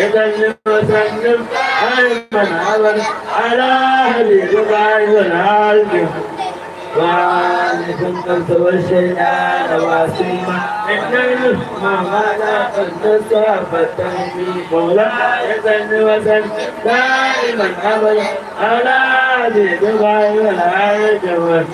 يدلل وسلم أيمن أبدا على حبيب بعيد العالم وعن سنة والشيطان واسيما إن المسمى ما لا قدس فالتهديد ولا يدلل وسلم دائما أبدا على حبيب بعيد العالم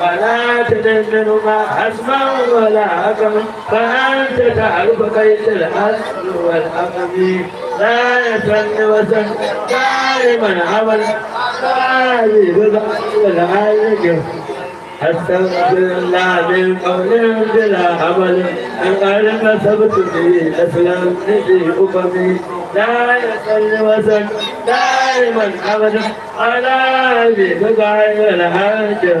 ولا تدمن ما حسما ولا حكما فأنت تعرف كيد الحسن والحكم لا يسن وسن دائما عمل هذه بالعين والعين استغفر الله من قول بلا عمل ان قال ما سبت به اسلمت به افمي لا يسل وسن دائما ابدا على ابي بقعي الحاجه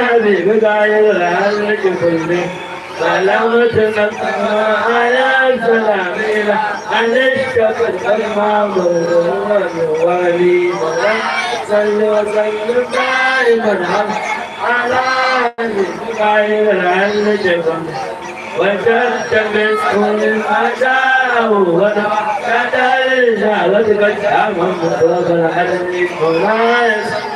هذه بداية الأمر كله سلامتنا على سلامنا أن اشتفت المعبر والي صل وسلم دائما على غير الجبل وتلتمس كل ما شاءه ونوى كذا الرجال وتبجح من مطلق الحلم ولا يسمع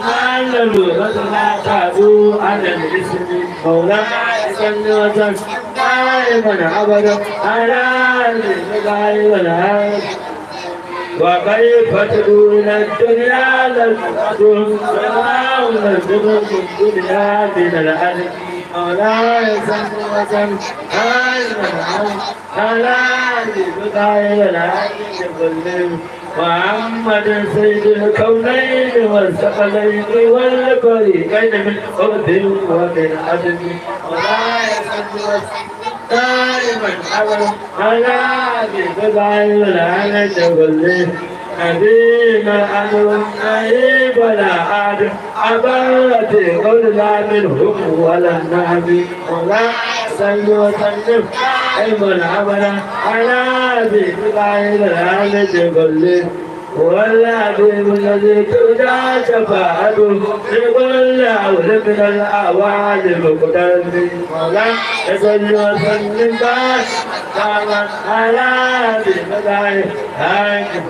kan da lura da na taɓo a da mu isi ne, kaura san ne wajen kayan mana abadan ta kayan mana harar. Wa kai fatu na duniya da su kasu, da na wuna gudun duniya da na da'adi. Kaura san ne wajen kayan mana harar, harar da ta kayan mana محمد سيد الكونين والثقلين والفريقين من خبث ومن عدم ولا يسد دائما ابدا على بضع ولا نتولي أبي ما أمر نائب ولا أعد عبادتي قل لا منهم ولا نعمي ولا أسأل وسلم علم العمل على بإتباع الهامة كله هو العظيم الذي ترجى شفاعته لكل حول من الاعوان مقتل ولا يصل وسلم دائما على بمدعي هاكم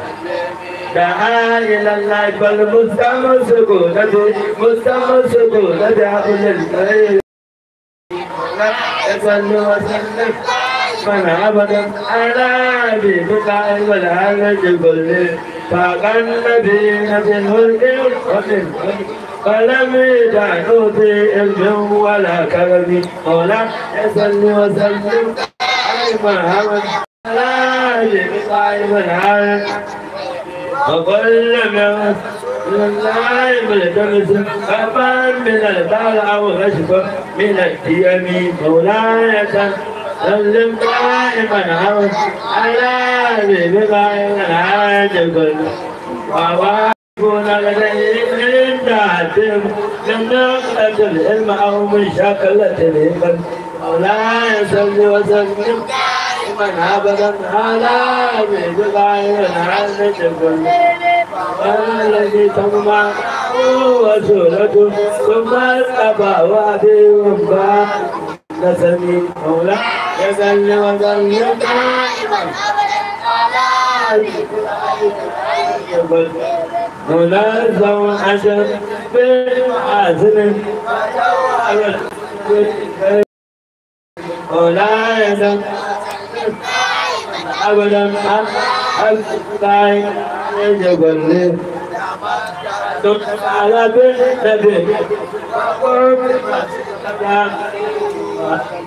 دعا الى الله فالمستمسكون به مستمسكون بعقل الخير ولا يصل وسلم من عبد أنا ببقاء والعالج الكل فاق النبي في الملك وفي فلم يدعوا في علم ولا كلم قولا يسلم وسلم على محمد على ببقاء والعالج وكل من النائم التمس خفا من البال او غشفا من الديم مولاي سلم دائما عوش على بما العاج كل وواقفون لديه عند عدم من نقلة العلم أو من شكلة الهمم أو لا يسلم وسلم دائما أبدا على بما العاج كل والذي تطمع وسورة ثم الأبى وأبي وأبا نسمي مولانا يزل وذل دائما ابدا على منظم عشر بالمعازم وجوهر ولا يزل ابدا حتى يجبل دمت على بالنبي وقرب